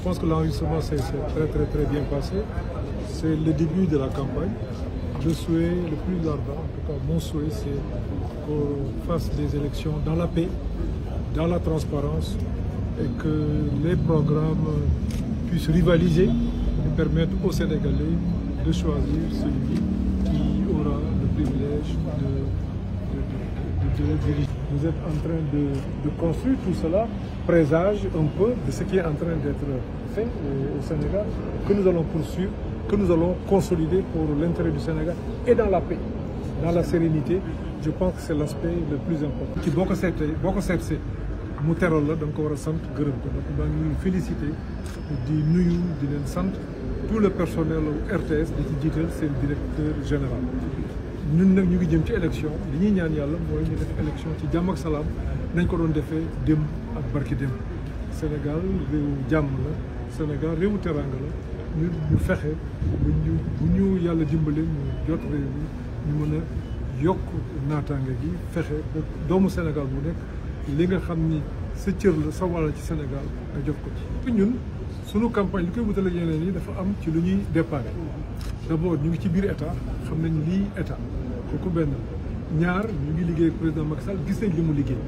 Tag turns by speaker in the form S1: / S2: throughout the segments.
S1: Je pense que l'enregistrement s'est très très très bien passé. C'est le début de la campagne. Le souhait le plus ardent, en tout cas mon souhait, c'est qu'on fasse des élections dans la paix, dans la transparence et que les programmes puissent rivaliser et permettre aux Sénégalais de choisir celui dirige. Vous êtes en train de, de construire tout cela, présage un peu de ce qui est en train d'être fait euh, au Sénégal, que nous allons poursuivre, que nous allons consolider pour l'intérêt du Sénégal et dans la paix, dans la sérénité. Je pense que c'est l'aspect le plus important. ci boo ko seetee boo ko seetsee mu teral la da nga ko war a sant gërëm ko donc di nuyu di leen sant tout le personnel au RTS di ci jiital seen directeur général. ñun nag ñu ngi jëm ci élection li ñuy ñaan yàlla mooy ñu def élection ci jàmm ak salaam nañ ko doon defee démb ak barki démb Sénégal réewu jàmm la Sénégal réewu teranga la ñu fexe bu ñu bu ñu yàlla dimbale ñu jot réew mi mën a yokk naataange gi fexe doomu Sénégal bu nekk li nga xam ni sa cër la sa wàll ci Sénégal nga jox ko ci. ñun sunu campagne li koy wutal ak yeneen yi dafa am ci lu ñuy déparé d'abord ñu ngi ci biir état xam nañ lii état kooku benn ñaar ñu ngi liggéey président Macky Sall gis nañ li mu liggéey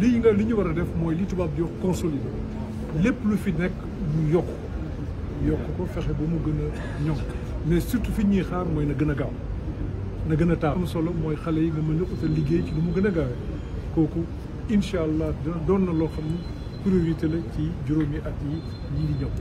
S1: lii nga li ñu war a def mooy li tubaab di wax consolider lépp lu fi nekk ñu yokk yokk ko fexe ba mu gën a ñoŋ mais surtout fi ñuy xaar mooy na gën a gaaw na gën a taal. am solo mooy xale yi nga mën a utal liggéey ci lu mu gën a gaawee kooku. incha allah doon na loo xam ni priorité la ci juróomi at yi ñi ngi ñëw